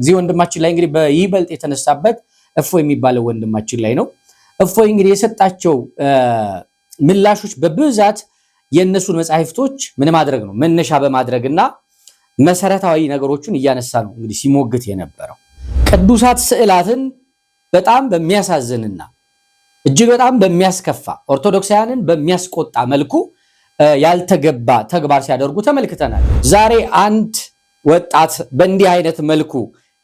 እዚህ ወንድማችን ላይ እንግዲህ በይበልጥ የተነሳበት እፎ የሚባለው ወንድማችን ላይ ነው። እፎይ እንግዲህ የሰጣቸው ምላሾች በብዛት የእነሱን መጽሐፍቶች ምን ማድረግ ነው መነሻ በማድረግ እና መሰረታዊ ነገሮችን እያነሳ ነው እንግዲህ ሲሞግት የነበረው ቅዱሳት ስዕላትን በጣም በሚያሳዝንና እጅግ በጣም በሚያስከፋ ኦርቶዶክሳውያንን በሚያስቆጣ መልኩ ያልተገባ ተግባር ሲያደርጉ ተመልክተናል። ዛሬ አንድ ወጣት በእንዲህ አይነት መልኩ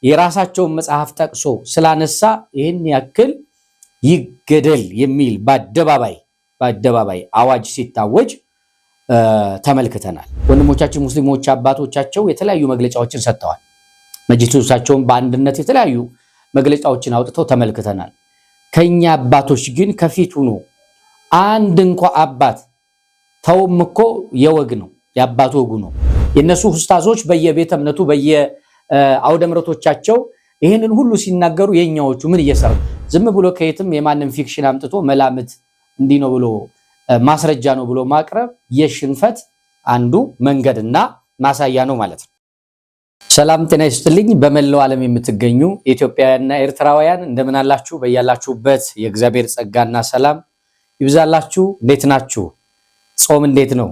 የራሳቸውን መጽሐፍ ጠቅሶ ስላነሳ ይህን ያክል ይገደል የሚል በአደባባይ በአደባባይ አዋጅ ሲታወጅ ተመልክተናል። ወንድሞቻችን ሙስሊሞች አባቶቻቸው የተለያዩ መግለጫዎችን ሰጥተዋል። መጅሊሶቻቸውን በአንድነት የተለያዩ መግለጫዎችን አውጥተው ተመልክተናል። ከኛ አባቶች ግን ከፊት ሁኖ አንድ እንኳ አባት ተውም እኮ የወግ ነው የአባት ወጉ ነው። የእነሱ ኡስታዞች በየቤተ እምነቱ በየ አውደ ምረቶቻቸው ይህንን ሁሉ ሲናገሩ የኛዎቹ ምን እየሰሩ ዝም ብሎ ከየትም የማንም ፊክሽን አምጥቶ መላምት እንዲህ ነው ብሎ ማስረጃ ነው ብሎ ማቅረብ የሽንፈት አንዱ መንገድና ማሳያ ነው ማለት ነው። ሰላም ጤና ይስጥልኝ። በመላው ዓለም የምትገኙ ኢትዮጵያውያንና ኤርትራውያን እንደምን አላችሁ? በያላችሁበት የእግዚአብሔር ጸጋና ሰላም ይብዛላችሁ። እንዴት ናችሁ? ጾም እንዴት ነው?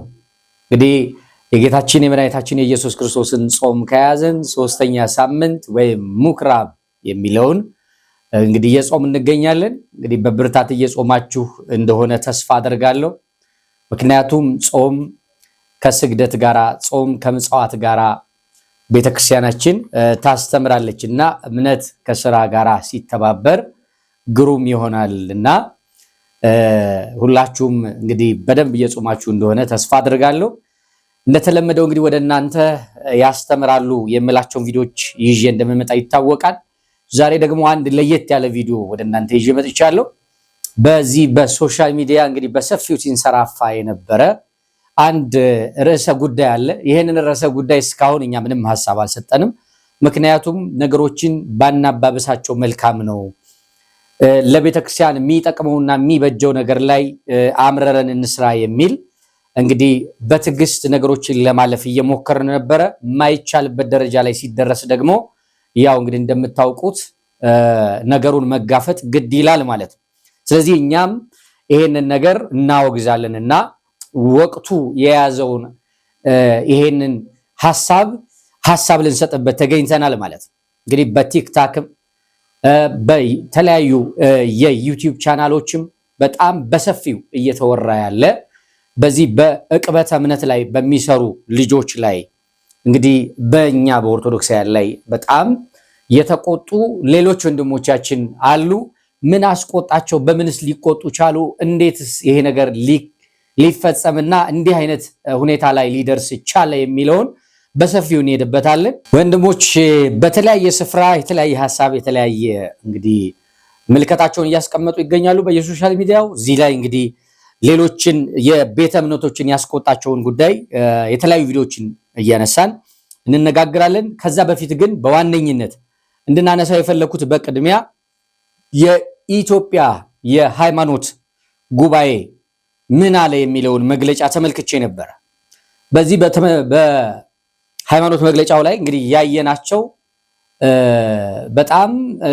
እንግዲህ የጌታችን የመድኃኒታችን የኢየሱስ ክርስቶስን ጾም ከያዘን ሶስተኛ ሳምንት ወይም ምኩራብ የሚለውን እንግዲህ እየጾም እንገኛለን። እንግዲህ በብርታት እየጾማችሁ እንደሆነ ተስፋ አደርጋለሁ። ምክንያቱም ጾም ከስግደት ጋር ጾም ከምጽዋት ጋራ ቤተክርስቲያናችን ታስተምራለች እና እምነት ከስራ ጋራ ሲተባበር ግሩም ይሆናል እና ሁላችሁም እንግዲህ በደንብ እየጾማችሁ እንደሆነ ተስፋ አድርጋለሁ። እንደተለመደው እንግዲህ ወደ እናንተ ያስተምራሉ የምላቸውን ቪዲዮዎች ይዤ እንደምመጣ ይታወቃል። ዛሬ ደግሞ አንድ ለየት ያለ ቪዲዮ ወደ እናንተ ይዤ መጥቻለሁ። በዚህ በሶሻል ሚዲያ እንግዲህ በሰፊው ሲንሰራፋ የነበረ አንድ ርዕሰ ጉዳይ አለ። ይህንን ርዕሰ ጉዳይ እስካሁን እኛ ምንም ሀሳብ አልሰጠንም። ምክንያቱም ነገሮችን ባናባበሳቸው መልካም ነው። ለቤተክርስቲያን የሚጠቅመውና የሚበጀው ነገር ላይ አምረረን እንስራ የሚል እንግዲህ በትዕግስት ነገሮችን ለማለፍ እየሞከርን ነበረ። የማይቻልበት ደረጃ ላይ ሲደረስ ደግሞ ያው እንግዲህ እንደምታውቁት ነገሩን መጋፈጥ ግድ ይላል ማለት ነው። ስለዚህ እኛም ይሄንን ነገር እናወግዛለን እና ወቅቱ የያዘውን ይሄንን ሀሳብ ሀሳብ ልንሰጥበት ተገኝተናል ማለት ነው። እንግዲህ በቲክታክም በተለያዩ የዩቲዩብ ቻናሎችም በጣም በሰፊው እየተወራ ያለ በዚህ በእቅበተ እምነት ላይ በሚሰሩ ልጆች ላይ እንግዲህ በእኛ በኦርቶዶክሳውያን ላይ በጣም የተቆጡ ሌሎች ወንድሞቻችን አሉ። ምን አስቆጣቸው? በምንስ ሊቆጡ ቻሉ? እንዴትስ ይሄ ነገር ሊፈጸምና እንዲህ አይነት ሁኔታ ላይ ሊደርስ ቻለ የሚለውን በሰፊው እንሄድበታለን። ወንድሞች በተለያየ ስፍራ የተለያየ ሀሳብ የተለያየ እንግዲህ ምልከታቸውን እያስቀመጡ ይገኛሉ በየሶሻል ሚዲያው። እዚህ ላይ እንግዲህ ሌሎችን የቤተ እምነቶችን ያስቆጣቸውን ጉዳይ የተለያዩ ቪዲዮዎችን እያነሳን እንነጋግራለን። ከዛ በፊት ግን በዋነኝነት እንድናነሳ የፈለኩት በቅድሚያ የኢትዮጵያ የሃይማኖት ጉባኤ ምን አለ የሚለውን መግለጫ ተመልክቼ ነበረ። በዚህ በሃይማኖት መግለጫው ላይ እንግዲህ ያየናቸው በጣም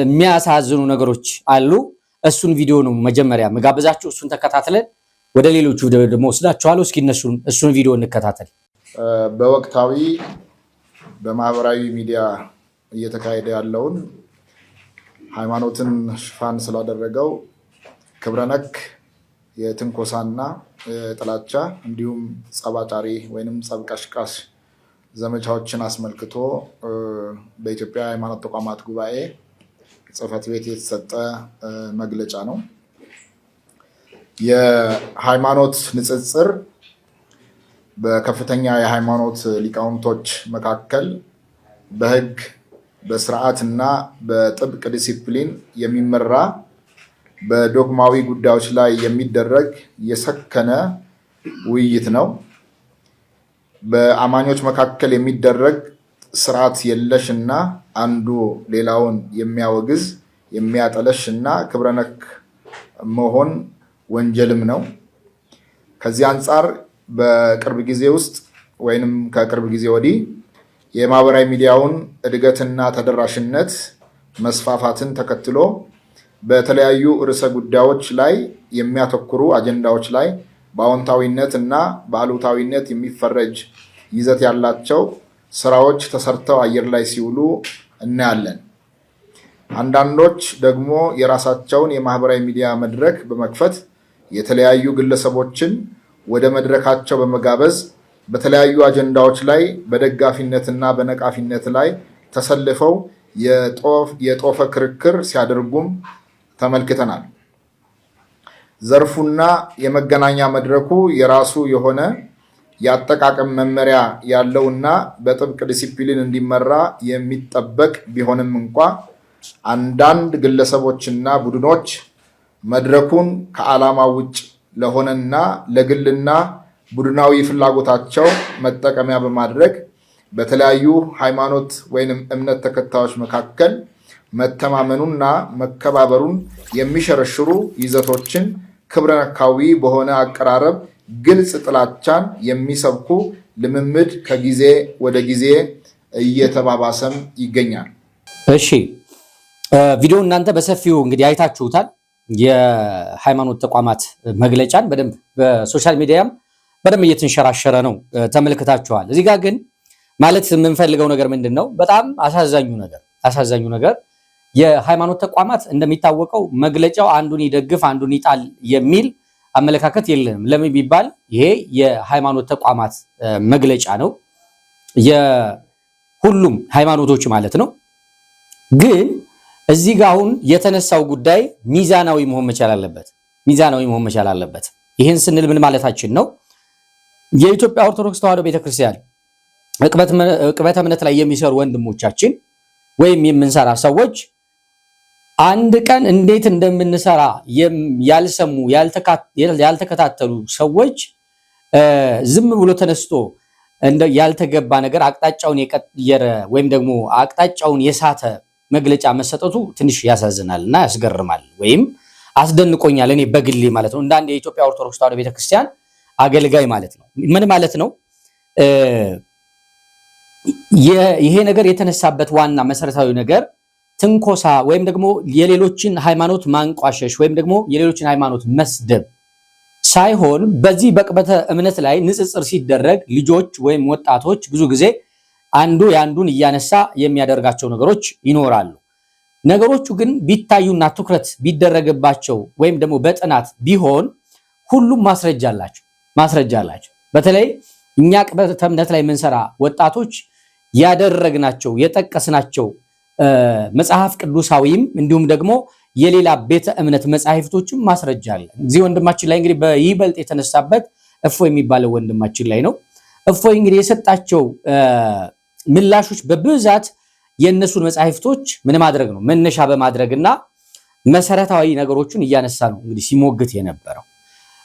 የሚያሳዝኑ ነገሮች አሉ። እሱን ቪዲዮ ነው መጀመሪያ መጋበዛችሁ። እሱን ተከታትለን ወደ ሌሎቹ ደግሞ ወስዳችኋል። እስኪ እነሱን እሱን ቪዲዮ እንከታተል። በወቅታዊ በማህበራዊ ሚዲያ እየተካሄደ ያለውን ሃይማኖትን ሽፋን ስላደረገው ክብረነክ የትንኮሳና ጥላቻ እንዲሁም ጸባጫሪ ወይም ፀብቀሽቃሽ ዘመቻዎችን አስመልክቶ በኢትዮጵያ ሃይማኖት ተቋማት ጉባኤ ጽህፈት ቤት የተሰጠ መግለጫ ነው። የሃይማኖት ንጽጽር በከፍተኛ የሃይማኖት ሊቃውንቶች መካከል በስርዓት በስርዓትና በጥብቅ ዲሲፕሊን የሚመራ በዶግማዊ ጉዳዮች ላይ የሚደረግ የሰከነ ውይይት ነው። በአማኞች መካከል የሚደረግ ስርዓት የለሽ እና አንዱ ሌላውን የሚያወግዝ የሚያጠለሽ እና ክብረነክ መሆን ወንጀልም ነው። ከዚህ አንጻር በቅርብ ጊዜ ውስጥ ወይንም ከቅርብ ጊዜ ወዲህ የማህበራዊ ሚዲያውን እድገትና ተደራሽነት መስፋፋትን ተከትሎ በተለያዩ ርዕሰ ጉዳዮች ላይ የሚያተኩሩ አጀንዳዎች ላይ በአዎንታዊነት እና በአሉታዊነት የሚፈረጅ ይዘት ያላቸው ስራዎች ተሰርተው አየር ላይ ሲውሉ እናያለን። አንዳንዶች ደግሞ የራሳቸውን የማህበራዊ ሚዲያ መድረክ በመክፈት የተለያዩ ግለሰቦችን ወደ መድረካቸው በመጋበዝ በተለያዩ አጀንዳዎች ላይ በደጋፊነትና በነቃፊነት ላይ ተሰልፈው የጦፈ ክርክር ሲያደርጉም ተመልክተናል። ዘርፉና የመገናኛ መድረኩ የራሱ የሆነ የአጠቃቀም መመሪያ ያለውና በጥብቅ ዲሲፕሊን እንዲመራ የሚጠበቅ ቢሆንም እንኳ አንዳንድ ግለሰቦችና ቡድኖች መድረኩን ከዓላማ ውጭ ለሆነና ለግልና ቡድናዊ ፍላጎታቸው መጠቀሚያ በማድረግ በተለያዩ ሃይማኖት ወይንም እምነት ተከታዮች መካከል መተማመኑና መከባበሩን የሚሸረሽሩ ይዘቶችን ክብረነካዊ በሆነ አቀራረብ ግልጽ ጥላቻን የሚሰብኩ ልምምድ ከጊዜ ወደ ጊዜ እየተባባሰም ይገኛል። እሺ ቪዲዮ እናንተ በሰፊው እንግዲህ አይታችሁታል። የሃይማኖት ተቋማት መግለጫን በደንብ በሶሻል ሚዲያም በደንብ እየተንሸራሸረ ነው፣ ተመልክታችኋል። እዚህ ጋር ግን ማለት የምንፈልገው ነገር ምንድን ነው? በጣም አሳዛኙ ነገር አሳዛኙ ነገር የሃይማኖት ተቋማት እንደሚታወቀው መግለጫው አንዱን ይደግፍ አንዱን ይጣል የሚል አመለካከት የለንም። ለምን ቢባል ይሄ የሃይማኖት ተቋማት መግለጫ ነው፣ የሁሉም ሃይማኖቶች ማለት ነው ግን እዚህ ጋር አሁን የተነሳው ጉዳይ ሚዛናዊ መሆን መቻል አለበት። ሚዛናዊ መሆን መቻል አለበት። ይህን ስንል ምን ማለታችን ነው? የኢትዮጵያ ኦርቶዶክስ ተዋሕዶ ቤተክርስቲያን እቅበት እምነት ላይ የሚሰሩ ወንድሞቻችን ወይም የምንሰራ ሰዎች አንድ ቀን እንዴት እንደምንሰራ ያልሰሙ ያልተከታተሉ ሰዎች ዝም ብሎ ተነስቶ ያልተገባ ነገር አቅጣጫውን የቀየረ ወይም ደግሞ አቅጣጫውን የሳተ መግለጫ መሰጠቱ ትንሽ ያሳዝናል እና ያስገርማል ወይም አስደንቆኛል። እኔ በግሌ ማለት ነው እንደ አንድ የኢትዮጵያ ኦርቶዶክስ ተዋሕዶ ቤተክርስቲያን አገልጋይ ማለት ነው። ምን ማለት ነው? ይሄ ነገር የተነሳበት ዋና መሰረታዊ ነገር ትንኮሳ ወይም ደግሞ የሌሎችን ሃይማኖት ማንቋሸሽ ወይም ደግሞ የሌሎችን ሃይማኖት መስደብ ሳይሆን በዚህ በቅበተ እምነት ላይ ንጽጽር ሲደረግ ልጆች ወይም ወጣቶች ብዙ ጊዜ አንዱ የአንዱን እያነሳ የሚያደርጋቸው ነገሮች ይኖራሉ። ነገሮቹ ግን ቢታዩና ትኩረት ቢደረግባቸው ወይም ደግሞ በጥናት ቢሆን ሁሉም ማስረጃ አላቸው ማስረጃ አላቸው። በተለይ እኛ ቅበተ እምነት ላይ የምንሰራ ወጣቶች ያደረግናቸው የጠቀስናቸው መጽሐፍ ቅዱሳዊም እንዲሁም ደግሞ የሌላ ቤተ እምነት መጽሐፍቶችም ማስረጃ አለ። እዚህ ወንድማችን ላይ እንግዲህ በይበልጥ የተነሳበት እፎ የሚባለው ወንድማችን ላይ ነው። እፎ እንግዲህ የሰጣቸው ምላሾች በብዛት የእነሱን መጽሐፍቶች ምን ማድረግ ነው መነሻ በማድረግና መሰረታዊ ነገሮችን እያነሳ ነው እንግዲህ ሲሞግት የነበረው።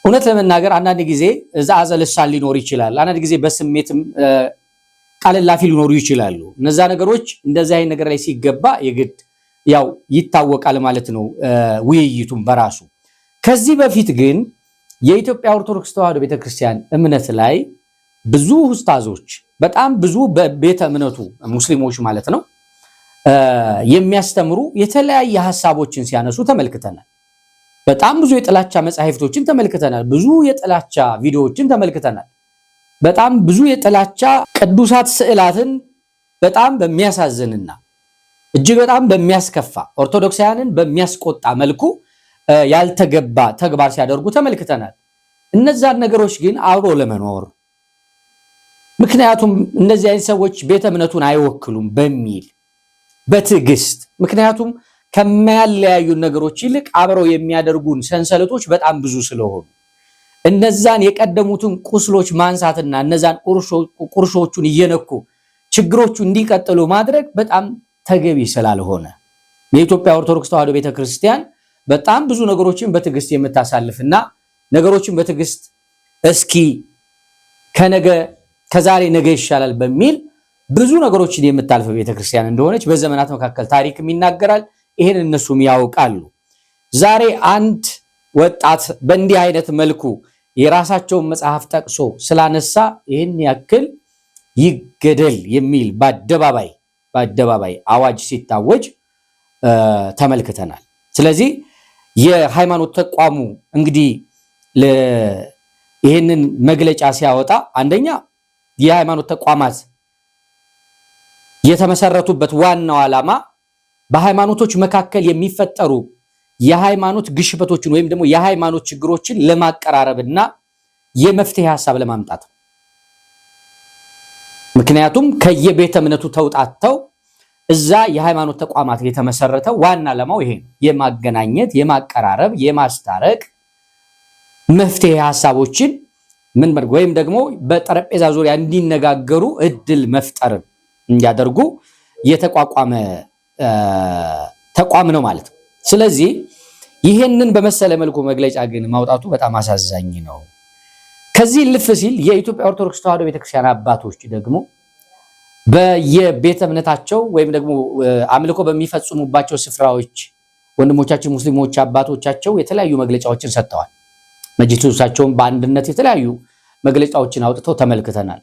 እውነት ለመናገር አንዳንድ ጊዜ እዛ አዘልሳን ሊኖር ይችላል። አንዳንድ ጊዜ በስሜትም ቃለላፊ ሊኖሩ ይችላሉ። እነዛ ነገሮች እንደዚህ አይነት ነገር ላይ ሲገባ የግድ ያው ይታወቃል ማለት ነው ውይይቱም በራሱ ከዚህ በፊት ግን የኢትዮጵያ ኦርቶዶክስ ተዋሕዶ ቤተክርስቲያን እምነት ላይ ብዙ ውስታዞች በጣም ብዙ በቤተ እምነቱ ሙስሊሞች ማለት ነው የሚያስተምሩ የተለያየ ሀሳቦችን ሲያነሱ ተመልክተናል። በጣም ብዙ የጥላቻ መጽሐፍቶችን ተመልክተናል። ብዙ የጥላቻ ቪዲዮዎችን ተመልክተናል። በጣም ብዙ የጥላቻ ቅዱሳት ስዕላትን በጣም በሚያሳዝንና እጅግ በጣም በሚያስከፋ ኦርቶዶክሳውያንን በሚያስቆጣ መልኩ ያልተገባ ተግባር ሲያደርጉ ተመልክተናል። እነዛን ነገሮች ግን አብሮ ለመኖር ምክንያቱም እነዚህ አይነት ሰዎች ቤተ እምነቱን አይወክሉም በሚል በትዕግስት ምክንያቱም ከሚያለያዩን ነገሮች ይልቅ አብረው የሚያደርጉን ሰንሰለቶች በጣም ብዙ ስለሆኑ እነዛን የቀደሙትን ቁስሎች ማንሳትና እነዛን ቁርሾቹን እየነኩ ችግሮቹ እንዲቀጥሉ ማድረግ በጣም ተገቢ ስላልሆነ የኢትዮጵያ ኦርቶዶክስ ተዋሕዶ ቤተክርስቲያን በጣም ብዙ ነገሮችን በትዕግስት የምታሳልፍና ነገሮችን በትዕግስት እስኪ ከነገ ከዛሬ ነገ ይሻላል በሚል ብዙ ነገሮችን የምታልፈው ቤተክርስቲያን እንደሆነች በዘመናት መካከል ታሪክም ይናገራል። ይሄን እነሱም ያውቃሉ። ዛሬ አንድ ወጣት በእንዲህ አይነት መልኩ የራሳቸውን መጽሐፍ ጠቅሶ ስላነሳ ይህን ያክል ይገደል የሚል በአደባባይ በአደባባይ አዋጅ ሲታወጅ ተመልክተናል። ስለዚህ የሃይማኖት ተቋሙ እንግዲህ ይህንን መግለጫ ሲያወጣ አንደኛ የሃይማኖት ተቋማት የተመሰረቱበት ዋናው ዓላማ በሃይማኖቶች መካከል የሚፈጠሩ የሃይማኖት ግሽበቶችን ወይም ደግሞ የሃይማኖት ችግሮችን ለማቀራረብና የመፍትሄ ሀሳብ ለማምጣት ነው። ምክንያቱም ከየቤተ እምነቱ ተውጣተው እዛ የሃይማኖት ተቋማት የተመሰረተ ዋና ዓላማው ይሄ ነው። የማገናኘት፣ የማቀራረብ፣ የማስታረቅ መፍትሄ ሀሳቦችን ምን ወይም ደግሞ በጠረጴዛ ዙሪያ እንዲነጋገሩ እድል መፍጠር እንዲያደርጉ የተቋቋመ ተቋም ነው ማለት ነው። ስለዚህ ይሄንን በመሰለ መልኩ መግለጫ ግን ማውጣቱ በጣም አሳዛኝ ነው። ከዚህ ልፍ ሲል የኢትዮጵያ ኦርቶዶክስ ተዋሕዶ ቤተክርስቲያን አባቶች ደግሞ በየቤተ እምነታቸው ወይም ደግሞ አምልኮ በሚፈጽሙባቸው ስፍራዎች ወንድሞቻችን ሙስሊሞች አባቶቻቸው የተለያዩ መግለጫዎችን ሰጥተዋል። እሳቸውን በአንድነት የተለያዩ መግለጫዎችን አውጥተው ተመልክተናል።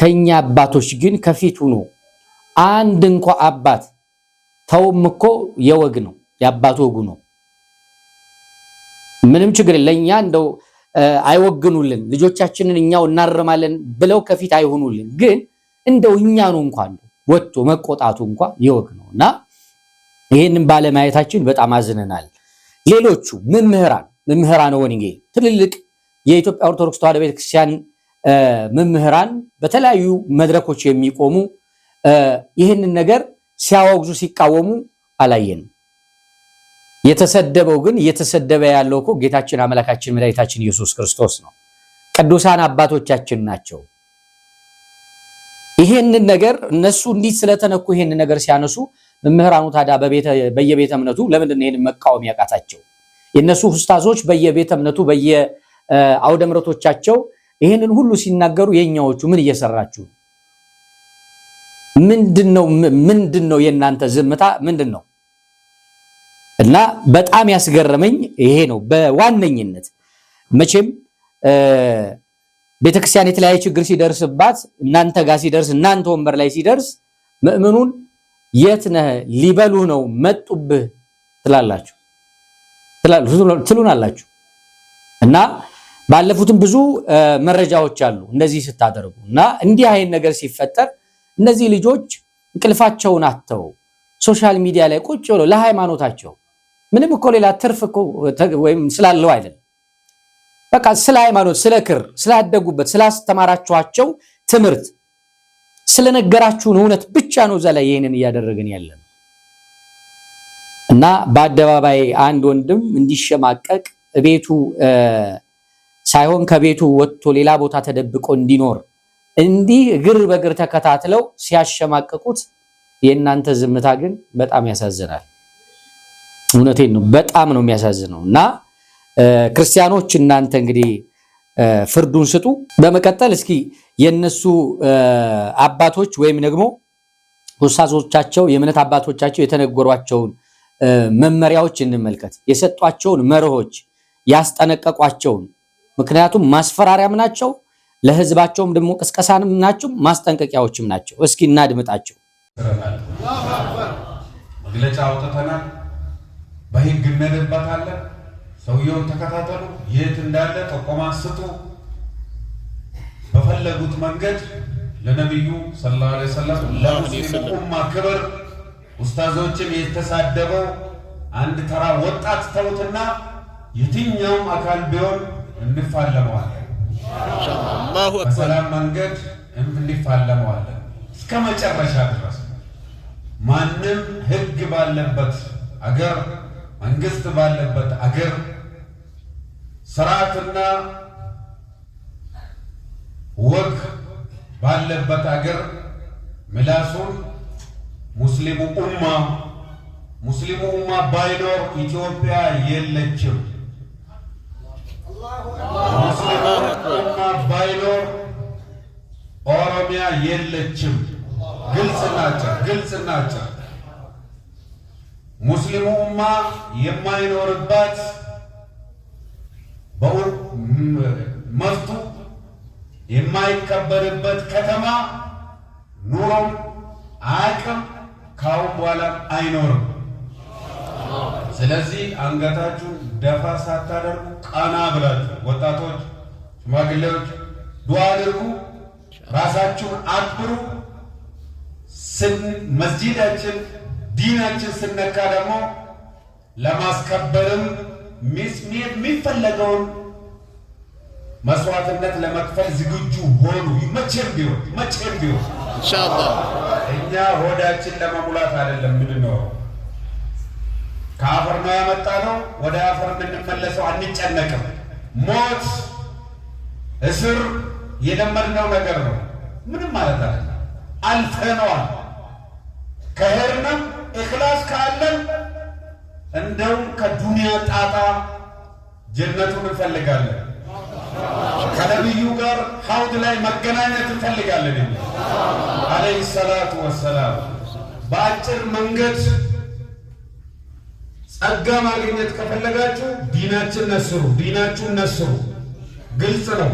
ከኛ አባቶች ግን ከፊቱ ነው። አንድ እንኳ አባት ተውም እኮ የወግ ነው የአባቱ ወጉ ነው። ምንም ችግር ለእኛ እንደው አይወግኑልን ልጆቻችንን እኛው እናርማለን ብለው ከፊት አይሆኑልን። ግን እንደው እኛኑ እንኳን ወጥቶ መቆጣቱ እንኳ የወግ ነው እና ይህንን ባለማየታችን በጣም አዝነናል። ሌሎቹ መምህራን መምህራን ወንጌል ትልልቅ የኢትዮጵያ ኦርቶዶክስ ተዋህዶ ቤተክርስቲያን መምህራን በተለያዩ መድረኮች የሚቆሙ ይህንን ነገር ሲያወግዙ ሲቃወሙ አላየንም። የተሰደበው ግን እየተሰደበ ያለው እኮ ጌታችን አምላካችን መድኃኒታችን ኢየሱስ ክርስቶስ ነው። ቅዱሳን አባቶቻችን ናቸው። ይሄንን ነገር እነሱ እንዲህ ስለተነኩ ይሄንን ነገር ሲያነሱ መምህራኑ ታዲያ በየቤተ እምነቱ ለምንድን ነው ይሄንን መቃወም ያቃታቸው? የእነሱ ኡስታዞች በየቤተ እምነቱ በየአውደ ምረቶቻቸው ይህንን ሁሉ ሲናገሩ የኛዎቹ ምን እየሰራችሁ ምንድነው? ምንድነው የእናንተ ዝምታ ነው? እና በጣም ያስገረመኝ ይሄ ነው በዋነኝነት መቼም ቤተክርስቲያን የተለያየ ችግር ሲደርስባት እናንተ ጋር ሲደርስ እናንተ ወንበር ላይ ሲደርስ ምእምኑን የት ነህ ሊበሉህ ነው መጡብህ ትላላችሁ። ትሉናላችሁ እና ባለፉትም ብዙ መረጃዎች አሉ እንደዚህ ስታደርጉ እና እንዲህ አይነት ነገር ሲፈጠር እነዚህ ልጆች እንቅልፋቸውን አተው ሶሻል ሚዲያ ላይ ቁጭ ብሎ ለሃይማኖታቸው ምንም እኮ ሌላ ትርፍ ወይም ስላለው አይደለም። በቃ ስለ ሃይማኖት፣ ስለ ክር፣ ስላደጉበት፣ ስላስተማራችኋቸው ትምህርት፣ ስለነገራችሁን እውነት ብቻ ነው እዛ ላይ ይህንን እያደረግን ያለን። እና በአደባባይ አንድ ወንድም እንዲሸማቀቅ ቤቱ ሳይሆን ከቤቱ ወጥቶ ሌላ ቦታ ተደብቆ እንዲኖር እንዲህ እግር በእግር ተከታትለው ሲያሸማቀቁት የእናንተ ዝምታ ግን በጣም ያሳዝናል። እውነቴን ነው፣ በጣም ነው የሚያሳዝነው። እና ክርስቲያኖች እናንተ እንግዲህ ፍርዱን ስጡ። በመቀጠል እስኪ የነሱ አባቶች ወይም ደግሞ ውሳሶቻቸው የእምነት አባቶቻቸው የተነገሯቸውን መመሪያዎች እንመልከት። የሰጧቸውን መርሆች ያስጠነቀቋቸውን፣ ምክንያቱም ማስፈራሪያም ናቸው ለህዝባቸውም ደግሞ ቅስቀሳንም ናቸው ማስጠንቀቂያዎችም ናቸው። እስኪ እናድምጣቸው። መግለጫ አውጥተናል፣ በህግ እንሄድበታለን። ሰውየውን ተከታተሉ፣ የት እንዳለ ጠቆማ ስጡ። በፈለጉት መንገድ ለነቢዩ ሰለላሁ ዐለይሂ ወሰለም ለሙስሊም ኡማ ክብር ኡስታዞችም የተሳደበው አንድ ተራ ወጣት ተውትና የትኛውም አካል ቢሆን እንፋለመዋለን። በሰላም መንገድ እንፋለመዋለን እስከ መጨረሻ ድረስ። ማንም ህግ ባለበት አገር፣ መንግስት ባለበት አገር ስርዓትና ወግ ባለበት አገር ምላሱን ሙስሊሙ ኡማ ሙስሊሙ ኡማ ባይኖር ኢትዮጵያ የለችም። ሙስሊሙ ኡማ ባይኖር ኦሮሚያ የለችም። ግልጽ ናቸው፣ ግልጽ ናቸው። ሙስሊሙ ኡማ የማይኖርባት መፍቱ የማይከበርበት ከተማ ኑሮም አቅም ካሁን በኋላ አይኖርም። ስለዚህ አንገታችሁን ደፋ ሳታደርጉ ቀና ብላችሁ ወጣቶች፣ ሽማግሌዎች ዱዓ አድርጉ፣ ራሳችሁን አክብሩ። መስጂዳችን፣ ዲናችን ስነካ ደግሞ ለማስከበርም የሚፈለገውን መስዋዕትነት ለመክፈል ዝግጁ ሆኑ። መቼም ቢሆን መቼም ቢሆን ኢንሻአላህ እኛ ሆዳችን ለመሙላት አይደለም። ምንድን ከአፈር ነው ያመጣ ነው። ወደ አፈር የምንመለሰው አንጨነቅም። ሞት፣ እስር የለመድነው ነገር ነው። ምንም ማለት አለ አልፈነዋል። ከሄድንም እክላስ ካለን እንደውም ከዱንያ ጣጣ ጀነቱን እንፈልጋለን። ከነቢዩ ጋር ሀውድ ላይ መገናኘት እንፈልጋለን። አለይ ሰላቱ ወሰላም በአጭር መንገድ ጸጋ ማግኘት ከፈለጋችሁ ዲናችን ነስሩ፣ ዲናችሁን ነስሩ። ግልጽ ነው።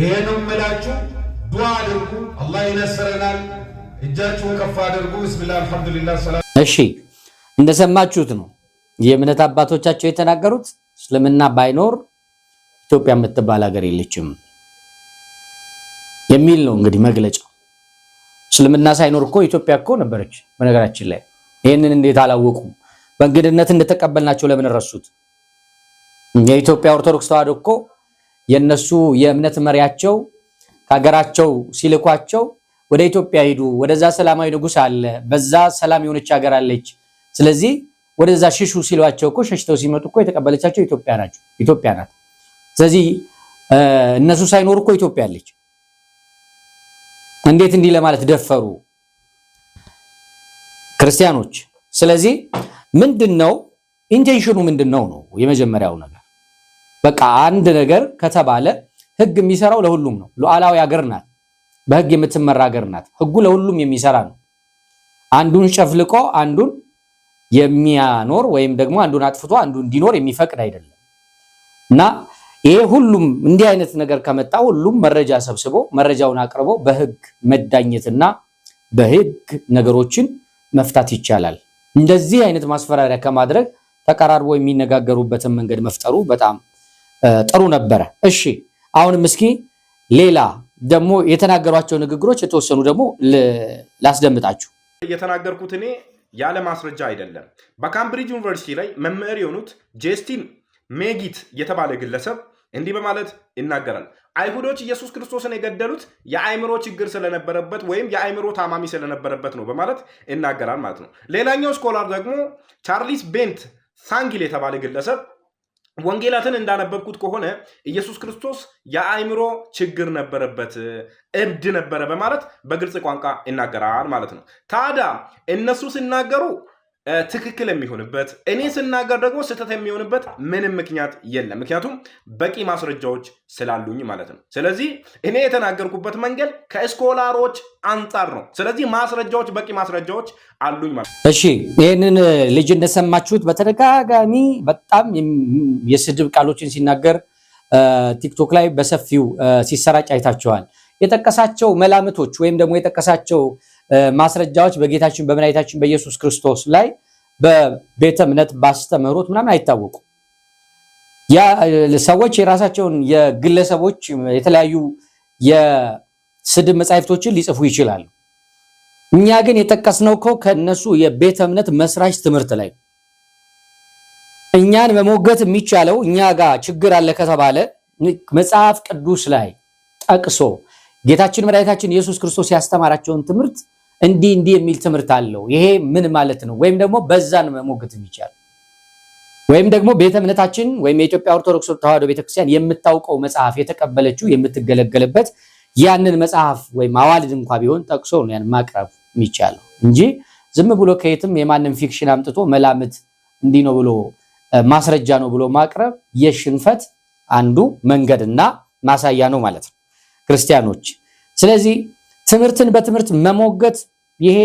ይሄንም ምላችሁ ዱዓ አድርጉ፣ አላህ ይነስረናል። እጃችሁን ከፍ አድርጉ። ብስሚላህ አልሐምዱሊላህ። ሰላም። እሺ እንደሰማችሁት ነው የእምነት አባቶቻቸው የተናገሩት። እስልምና ባይኖር ኢትዮጵያ የምትባል ሀገር የለችም የሚል ነው እንግዲህ መግለጫው። እስልምና ሳይኖር እኮ ኢትዮጵያ እኮ ነበረች። በነገራችን ላይ ይህንን እንዴት አላወቁም? በእንግድነት እንደተቀበልናቸው ለምን ረሱት? የኢትዮጵያ ኦርቶዶክስ ተዋሕዶ እኮ የነሱ የእምነት መሪያቸው ከሀገራቸው ሲልኳቸው ወደ ኢትዮጵያ ሂዱ፣ ወደዛ ሰላማዊ ንጉስ አለ፣ በዛ ሰላም የሆነች ሀገር አለች፣ ስለዚህ ወደዛ ሽሹ ሲሏቸው እኮ ሸሽተው ሲመጡ እኮ የተቀበለቻቸው ኢትዮጵያ ናቸው ኢትዮጵያ ናት። ስለዚህ እነሱ ሳይኖሩ እኮ ኢትዮጵያ አለች። እንዴት እንዲህ ለማለት ደፈሩ ክርስቲያኖች? ስለዚህ ምንድነው ኢንቴንሽኑ ምንድነው ነው የመጀመሪያው ነገር። በቃ አንድ ነገር ከተባለ ህግ የሚሰራው ለሁሉም ነው። ሉዓላዊ ሀገር ናት፣ በህግ የምትመራ ሀገር ናት። ህጉ ለሁሉም የሚሰራ ነው። አንዱን ጨፍልቆ አንዱን የሚያኖር ወይም ደግሞ አንዱን አጥፍቶ አንዱ እንዲኖር የሚፈቅድ አይደለም እና ይሄ ሁሉም እንዲህ አይነት ነገር ከመጣ ሁሉም መረጃ ሰብስቦ መረጃውን አቅርቦ በህግ መዳኘትና በህግ ነገሮችን መፍታት ይቻላል። እንደዚህ አይነት ማስፈራሪያ ከማድረግ ተቀራርቦ የሚነጋገሩበትን መንገድ መፍጠሩ በጣም ጥሩ ነበረ። እሺ አሁንም እስኪ ሌላ ደግሞ የተናገሯቸው ንግግሮች የተወሰኑ ደግሞ ላስደምጣችሁ። የተናገርኩት እኔ ያለ ማስረጃ አይደለም። በካምብሪጅ ዩኒቨርሲቲ ላይ መምህር የሆኑት ጄስቲን ሜጊት የተባለ ግለሰብ እንዲህ በማለት ይናገራል። አይሁዶች ኢየሱስ ክርስቶስን የገደሉት የአእምሮ ችግር ስለነበረበት ወይም የአእምሮ ታማሚ ስለነበረበት ነው በማለት ይናገራል ማለት ነው። ሌላኛው ስኮላር ደግሞ ቻርሊስ ቤንት ሳንጊል የተባለ ግለሰብ ወንጌላትን እንዳነበብኩት ከሆነ ኢየሱስ ክርስቶስ የአእምሮ ችግር ነበረበት፣ እብድ ነበረ በማለት በግልጽ ቋንቋ ይናገራል ማለት ነው። ታዲያ እነሱ ሲናገሩ ትክክል የሚሆንበት እኔ ስናገር ደግሞ ስህተት የሚሆንበት ምንም ምክንያት የለም። ምክንያቱም በቂ ማስረጃዎች ስላሉኝ ማለት ነው። ስለዚህ እኔ የተናገርኩበት መንገድ ከስኮላሮች አንጻር ነው። ስለዚህ ማስረጃዎች፣ በቂ ማስረጃዎች አሉኝ ማለት ነው። እሺ ይህንን ልጅ እንደሰማችሁት በተደጋጋሚ በጣም የስድብ ቃሎችን ሲናገር ቲክቶክ ላይ በሰፊው ሲሰራጭ አይታችኋል። የጠቀሳቸው መላምቶች ወይም ደግሞ የጠቀሳቸው ማስረጃዎች በጌታችን በመድኃኒታችን በኢየሱስ ክርስቶስ ላይ በቤተ እምነት ባስተምህሮት ምናምን አይታወቁ ሰዎች የራሳቸውን የግለሰቦች የተለያዩ የስድብ መጻሕፍቶችን ሊጽፉ ይችላሉ። እኛ ግን የጠቀስነው እኮ ከነሱ የቤተ እምነት መስራች ትምህርት ላይ እኛን መሞገት የሚቻለው እኛ ጋር ችግር አለ ከተባለ መጽሐፍ ቅዱስ ላይ ጠቅሶ ጌታችን መድኃኒታችን ኢየሱስ ክርስቶስ ያስተማራቸውን ትምህርት እንዲህ እንዲህ የሚል ትምህርት አለው ይሄ ምን ማለት ነው? ወይም ደግሞ በዛ ነው መሞገት የሚቻል ወይም ደግሞ ቤተ እምነታችን ወይም የኢትዮጵያ ኦርቶዶክስ ተዋሕዶ ቤተክርስቲያን የምታውቀው መጽሐፍ የተቀበለችው የምትገለገለበት ያንን መጽሐፍ ወይም አዋልድ እንኳ ቢሆን ጠቅሶ ነው ያን ማቅረብ የሚቻለው እንጂ ዝም ብሎ ከየትም የማንም ፊክሽን አምጥቶ መላምት እንዲህ ነው ብሎ ማስረጃ ነው ብሎ ማቅረብ የሽንፈት አንዱ መንገድና ማሳያ ነው ማለት ነው ክርስቲያኖች። ስለዚህ ትምህርትን በትምህርት መሞገት ይሄ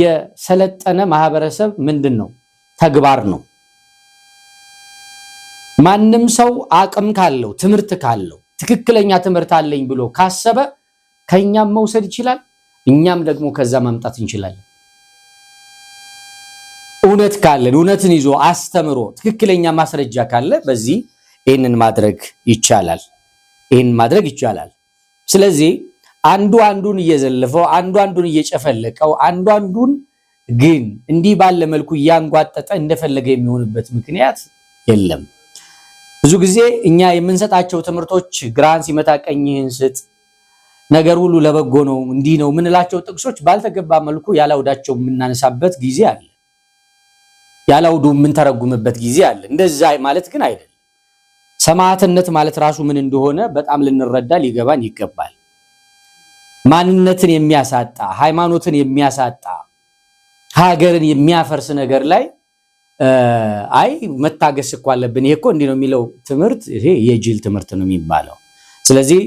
የሰለጠነ ማህበረሰብ ምንድን ነው? ተግባር ነው። ማንም ሰው አቅም ካለው ትምህርት ካለው ትክክለኛ ትምህርት አለኝ ብሎ ካሰበ ከእኛም መውሰድ ይችላል። እኛም ደግሞ ከዛ ማምጣት እንችላለን። እውነት ካለን እውነትን ይዞ አስተምሮ ትክክለኛ ማስረጃ ካለ በዚህ ይህንን ማድረግ ይቻላል። ይህንን ማድረግ ይቻላል። ስለዚህ አንዱ አንዱን እየዘለፈው፣ አንዱ አንዱን እየጨፈለቀው፣ አንዱ አንዱን ግን እንዲህ ባለ መልኩ እያንጓጠጠ እንደፈለገ የሚሆንበት ምክንያት የለም። ብዙ ጊዜ እኛ የምንሰጣቸው ትምህርቶች ግራን ሲመታ ቀኝህን ስጥ፣ ነገር ሁሉ ለበጎ ነው፣ እንዲህ ነው የምንላቸው ጥቅሶች ባልተገባ መልኩ ያላውዳቸው የምናነሳበት ጊዜ አለ። ያላውዱ የምንተረጉምበት ጊዜ አለ። እንደዛ ማለት ግን አይደለም። ሰማዕትነት ማለት ራሱ ምን እንደሆነ በጣም ልንረዳ ሊገባን ይገባል። ማንነትን የሚያሳጣ ሃይማኖትን የሚያሳጣ ሀገርን የሚያፈርስ ነገር ላይ አይ መታገስ እኮ አለብን፣ ይሄ እኮ እንዲህ ነው የሚለው ትምህርት ይሄ የጅል ትምህርት ነው የሚባለው። ስለዚህ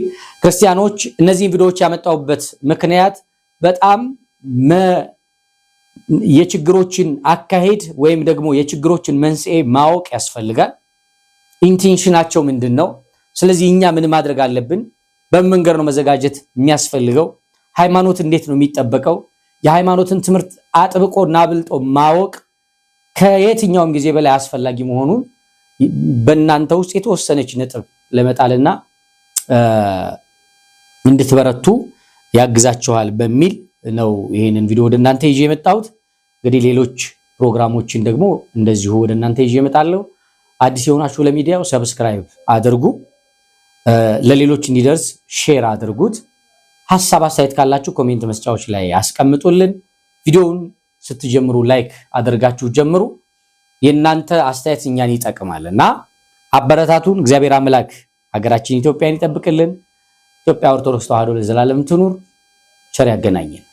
ክርስቲያኖች እነዚህን ቪዲዮዎች ያመጣሁበት ምክንያት በጣም የችግሮችን አካሄድ ወይም ደግሞ የችግሮችን መንስኤ ማወቅ ያስፈልጋል። ኢንቴንሽናቸው ምንድን ነው? ስለዚህ እኛ ምን ማድረግ አለብን? በመንገድ ነው መዘጋጀት የሚያስፈልገው? ሃይማኖት እንዴት ነው የሚጠበቀው? የሃይማኖትን ትምህርት አጥብቆ እና አብልጦ ማወቅ ከየትኛውም ጊዜ በላይ አስፈላጊ መሆኑን በእናንተ ውስጥ የተወሰነች ነጥብ ለመጣልና እንድትበረቱ ያግዛችኋል በሚል ነው ይህንን ቪዲዮ ወደ እናንተ ይዤ የመጣሁት። እንግዲህ ሌሎች ፕሮግራሞችን ደግሞ እንደዚሁ ወደ እናንተ ይዤ እመጣለሁ። አዲስ የሆናችሁ ለሚዲያው ሰብስክራይብ አድርጉ። ለሌሎች እንዲደርስ ሼር አድርጉት። ሀሳብ አስተያየት ካላችሁ ኮሜንት መስጫዎች ላይ አስቀምጡልን። ቪዲዮውን ስትጀምሩ ላይክ አድርጋችሁ ጀምሩ። የእናንተ አስተያየት እኛን ይጠቅማል እና አበረታቱን። እግዚአብሔር አምላክ ሀገራችን ኢትዮጵያን ይጠብቅልን። ኢትዮጵያ ኦርቶዶክስ ተዋሕዶ ለዘላለም ትኑር። ቸር ያገናኘን።